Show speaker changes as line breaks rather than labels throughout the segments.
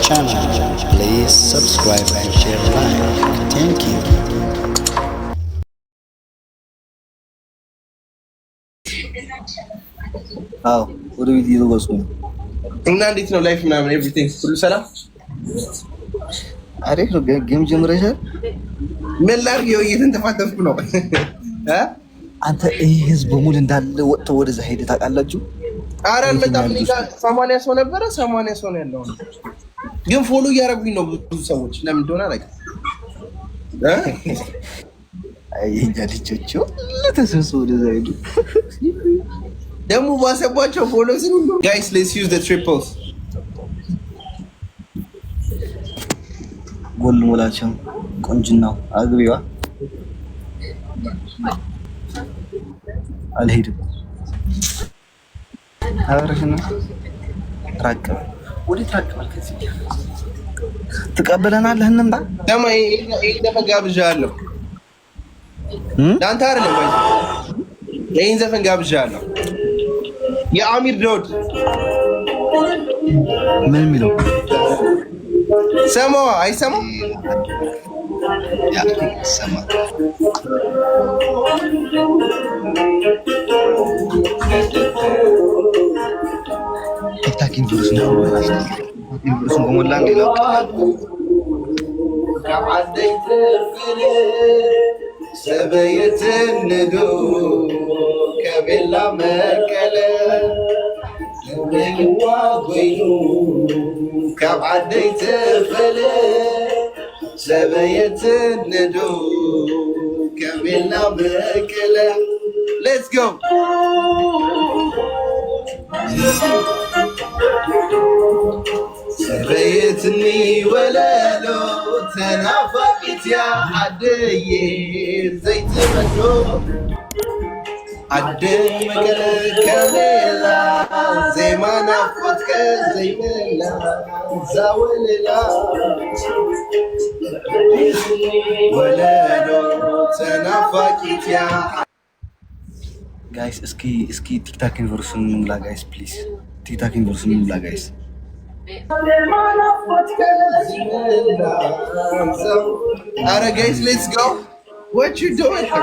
channel. Please subscribe and share like. Thank you.
አዎ ወደ ቤት እየተጓዝኩ ነው።
እና እንዴት ነው ላይፍ ምናምን ኤቭሪቲንግ ሁሉ ሰላም?
አሪፍ ነው። ጌም ጀምረሻል?
ምን ላድርግ እየተንተፋተፍኩ ነው።
አንተ ይህ ህዝብ በሙሉ እንዳለ ወጥቶ ወደዛ ሄደ ታውቃላችሁ?
ኧረ አልመጣም። ሰማንያ ሰው ነበረ። ሰማንያ ሰው ነው ያለው ግን ፎሎ እያደረጉኝ ነው ብዙ ሰዎች። ለምን እንደሆነ አላውቅም።
የእኛ ልጆች ለተሰብስበው ወደዛ ሄዱ።
ደግሞ ባሰባቸው ፎሎ ስሉ ጋይስ ሌትስ ዩዝ ትሪፕልስ
ጎል ሞላቸው። ቆንጅናው አግቢዋ አልሄድም አብረሽ ነው
ወደ ታክ መልከት
ትቀበለናለህ? እንምጣ።
ለማ ይሄን ዘፈን ጋብዣለሁ። ለአንተ አይደለም ወይ? ይሄን ዘፈን ጋብዣለሁ። የአሚር ዳውድ ምን የሚለው ሰማዋ አይሰማም
ሰማ እሱም ከሞላን ሌላው ሰበየትንዱ ከቤላ መቀለ
ዋ ኮይኑ ካብ ዓደይ ትፍለ ሰበየትንዱ ከቤላ መቀለ ሌትስ ጎ ሰበየትኒ ወለሎ ተናፋቂትያ አደየ ዘይትመዶ አደ
መገለ ከሌላ ዜማ ናፍቆትከ ወለሎ ተናፋቂትያ ጋይስ እስኪ እስኪ ቲክታክ ዩኒቨርሱን ጋይስ ፕሊዝ তিতা কিন্তু সুন্দর লাগাইছে
Alright guys, let's go. What you doing? Here?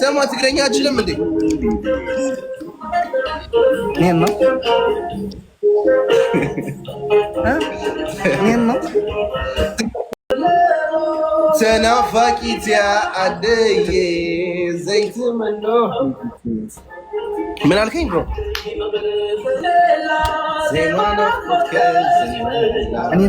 ሰማ ትግረኛ አችልም እንዴ?
ይሄን ነው ይሄን ነው
ተናፋቂትያ አደዬ ዘይት ምኖ ምን አልከኝ ብሮ?
እኔ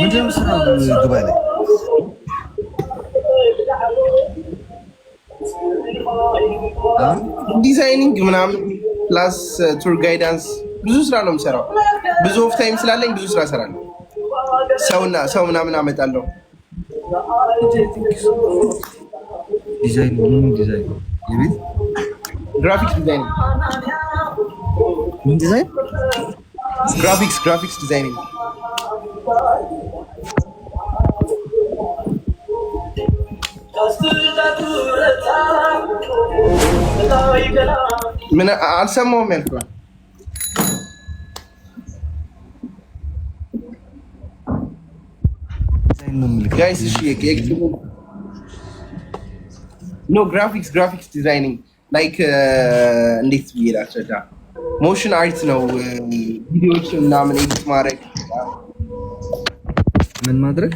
ምንድነው ስራ ዱባይ ላይ?
ዲዛይኒንግ ምናምን ፕላስ ቱር ጋይዳንስ ብዙ ስራ ነው የምሰራው። ብዙ ኦፍ ታይም ስላለኝ ብዙ ስራ እሰራለሁ። ሰውና ሰው ምናምን አመጣለሁ።
ግራፊክ ዲዛይን ምን ዲዛይን
ግራፊክስ ግራፊክስ ዲዛይኒንግ ምን አልሰማሁም ያልኩህ ኖ ግራፊክስ ግራፊክስ ዲዛይኒንግ ላይክ እንዴት ብዬ ላስረዳ ሞሽን አርት ነው። ቪዲዮዎች ምናምን ኤዲት ማድረግ ምን ማድረግ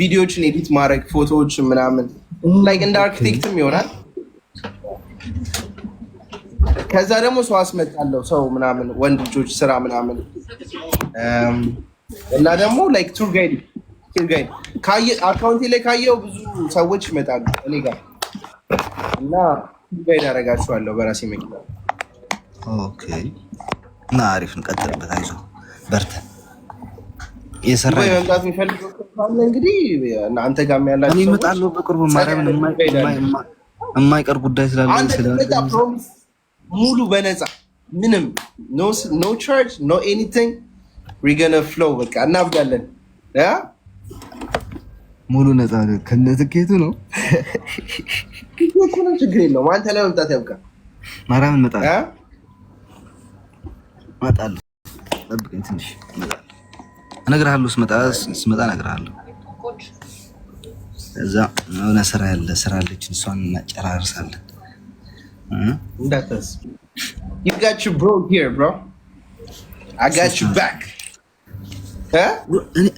ቪዲዮዎችን ኤዲት ማድረግ ፎቶዎችን ምናምን ላይክ እንደ አርክቴክትም ይሆናል። ከዛ ደግሞ ሰው አስመጣለሁ ሰው ምናምን ወንድ ልጆች ስራ ምናምን እና ደግሞ ላይክ ቱር ጋይድ ቱር ጋይድ አካውንቴ ላይ ካየው ብዙ ሰዎች ይመጣሉ እኔ ጋር እና ቱር ጋይድ አደርጋችኋለሁ በራሴ መኪና
ኦኬ እና አሪፍ እንቀጥልበት። አይዞህ በርተ የሰራ እንግዲህ እመጣለሁ በቅርቡ ማርያምን የማይቀር ጉዳይ ስላለ
ሙሉ በነፃ ምንም ኖ ቻርጅ ኖ ኤኒቲንግ ሪገነ ፍሎው በቃ እናብዳለን።
ሙሉ ነፃ ከነ ትኬቱ ነው።
ችግር የለውም። አንተ ለመምጣት ያብቃ
ማርያምን እመጣለሁ እመጣለሁ። ጠብቀኝ ትንሽ እነግርሃለሁ። ስመጣ ስመጣ እነግርሃለሁ። እዛ የሆነ ስራ ያለ ስራ አለች፣ እሷን እናጨራርሳለን።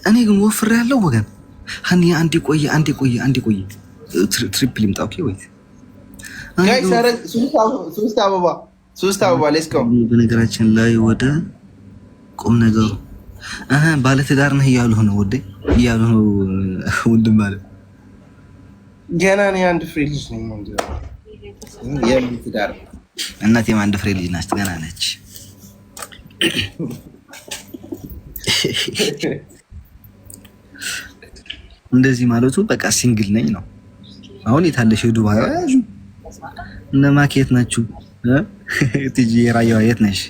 እኔ ግን ወፍር ያለው ወገን ሀኒ አንዴ ቆየ፣ አንዴ ቆየ፣ አንዴ ቆየ። ትሪፕል ይምጣ ወይ
ሶስት አበባ ሶስት አበባ ሌስ ከው
በነገራችን ላይ ወደ ቁም ነገሩ አህ ባለትዳር ነህ እያሉህ ነው ወደ እያሉህ ነው ወንድም ማለት
ገና ነው። አንድ ፍሬ ልጅ ነኝ ወንድ የትዳር
እናቴም አንድ ፍሬ ልጅ ናት፣ ገና ነች። እንደዚህ ማለቱ በቃ ሲንግል ነኝ ነው። አሁን የታለሽ ዱባይ እነ ማኬት ናችሁ ቲጂ የራየዋ የት ነሽ?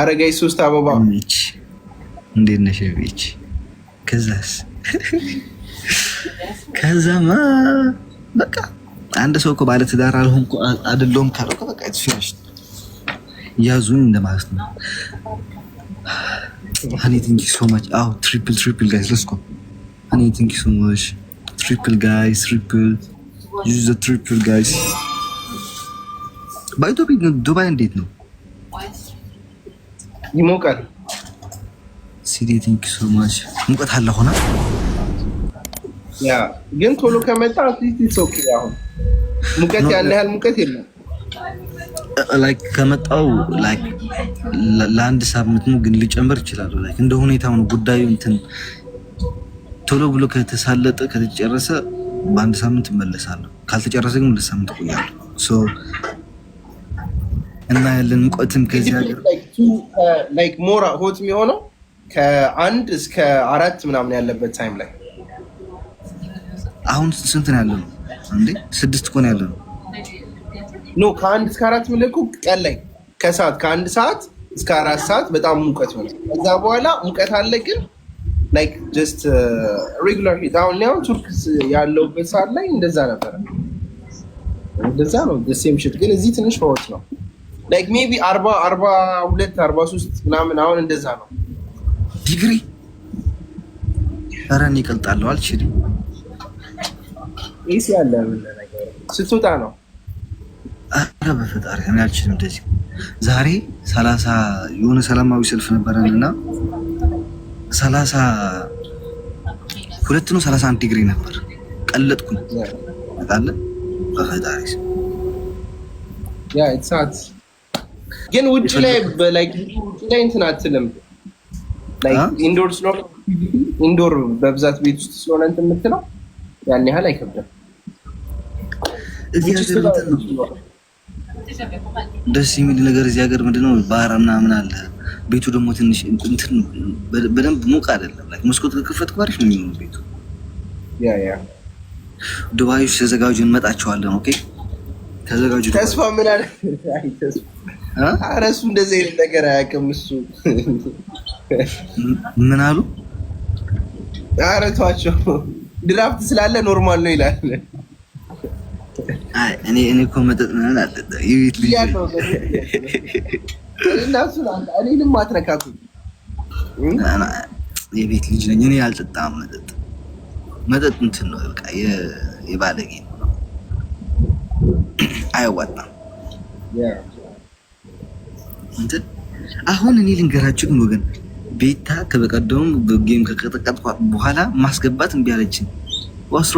አረጋይ ሶስት አበባ
እንዴት ነሽ? ቤች ከዛስ ከዛማ በቃ አንድ ሰው እኮ ባለ ትዳር አልሆንኩ አይደለሁም ካለ በቃ ያዙኝ እንደማለት ነው። Honey, thank you so much. Oh, triple, triple, guys. Let's go. Honey, thank you so much. Triple, guys. Triple. Use the triple, guys. በኢትዮጵ ዱባይ እንዴት ነው? ይሞቃል። ሲዲ ቴንክ ሶ ማች ሙቀት አለ ሆና
ያ ግን ቶሎ ከመጣ አትሊስት ይሶክ ያሁን ሙቀት ያን ያህል ሙቀት የለም።
ላይክ ከመጣው ላይክ ለአንድ ሳምንት ነው፣ ግን ሊጨምር ይችላል። ላይክ እንደ ሁኔታው ነው ጉዳዩ። እንትን ቶሎ ብሎ ከተሳለጠ ከተጨረሰ በአንድ ሳምንት እመለሳለሁ፣ ካልተጨረሰ ግን ሁለት ሳምንት እቆያለሁ። ሶ እና ያለን ሙቀትም ከዚህ ሀገር
ላይክ ሞራ ሆት የሚሆነው ከአንድ እስከ አራት ምናምን ያለበት ታይም ላይ
አሁን ስንት ነው ያለ ነው እንዴ? ስድስት እኮ ነው ያለ ነው
ኖ ከአንድ እስከ አራት ምልኩ ቀን ላይ ከሰዓት ከአንድ ሰዓት እስከ አራት ሰዓት በጣም ሙቀት ሆነ። ከዛ በኋላ ሙቀት አለ ግን ላይክ ጀስት ሬጉላር ሂት። አሁን ያው ቱርክ ያለውበት ሰዓት ላይ እንደዛ ነበረ። እንደዛ ነው ደሴም ሽት ግን እዚህ ትንሽ ፈወት ነው። ላይክ ሜይ ቢ አርባ አርባ ሁለት አርባ ሶስት ምናምን አሁን እንደዛ ነው
ዲግሪ። ረን እኔ አልችልም።
ኤሲ አለ ምን ነገር ስትወጣ ነው
በፈጣሪ እኔ አልችልም። እንደዚህ ዛሬ ሰላሳ የሆነ ሰላማዊ ሰልፍ ነበረን እና ሰላሳ ሁለት ነው ሰላሳ አንድ ዲግሪ ነበር። ቀለጥኩኝ ጣለ በፈጣሪ
ግን ውጭ ላይ ላይ እንትን አትልም። ኢንዶር ስለሆነ ኢንዶር በብዛት ቤት ውስጥ ስለሆነ እንትን የምትለው ያን ያህል አይከብዳል።
ደስ የሚል ነገር እዚህ ሀገር ምንድነው ባህር ምናምን አለ። ቤቱ ደግሞ ትንሽ እንትን በደንብ ሙቅ አይደለም። መስኮት ከከፈትኩ አሪፍ ነው የሚሆነው ቤቱ። ዱባይ ውስጥ ተዘጋጁ፣ እንመጣቸዋለን። ኦኬ ተዘጋጁ። ተስፋ ምን አለ?
ኧረ እሱ እንደዚህ አይነት ነገር አያውቅም እሱ። ምን አሉ? ኧረ ተዋቸው፣ ድራፍት ስላለ ኖርማል ነው ይላል።
እኔ እኔ እኮ መጠጥ ምናምን አልጠጣም። የቤት ልጅ
እኔንም አትነካኩኝ።
የቤት ልጅ ነኝ እኔ አልጠጣም። መጠጥ መጠጥ እንትን ነው በቃ የባለጌ ነው፣ አያዋጣም እንትን አሁን እኔ ልንገራችሁ ግን ወገን ቤታ ከበቀደሙ ጌም ከቀጠቀጥኳት በኋላ ማስገባት እምቢ አለችኝ። ዋስ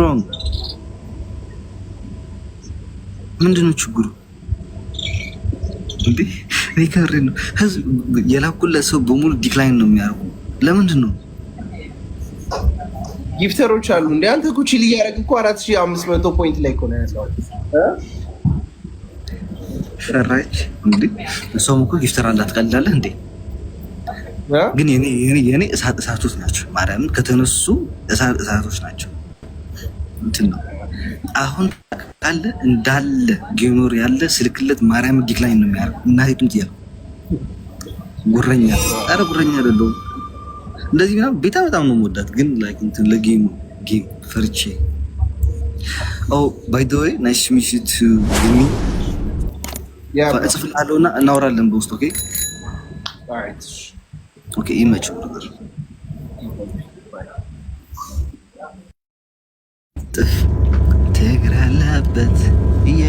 ምንድን ነው ችግሩ? እንዴ ነው ህዝብ የላኩለት ሰው በሙሉ ዲክላይን ነው የሚያደርጉ። ለምንድን ነው
ጊፍተሮች አሉ እንደ አንተ ኩቺ ሊያደርግ እኮ አራት ሺህ አምስት መቶ ፖይንት ላይ እኮ ነው ያለው።
ፈራች እንዴ ሰውም እኮ ጊፍተር አላት። ቀልዳለህ እንዴ? ግን የኔ እሳት እሳቶች ናቸው። ማርያምን ከተነሱ እሳት እሳቶች ናቸው እንትን ነው አሁን ካለ እንዳለ ጌኖር ያለ ስልክለት ማርያም ዲክላይን ነው የሚያደርግ እናቴ ድምፅ ያለው ጉረኛ ኧረ ጉረኛ አይደለሁም። እንደዚህ ምናምን ቤታ በጣም ነው የምወዳት፣ ግን ላይክ እንትን ለጌሙ ጌም ፈርቼ። ኦ ባይ ዘ ወይ ናይስ ሚሽት ሚ እጽፍልሃለሁ እና እናወራለን በውስጥ ኦኬ። ኦኬ ይመችው ጥፍ that he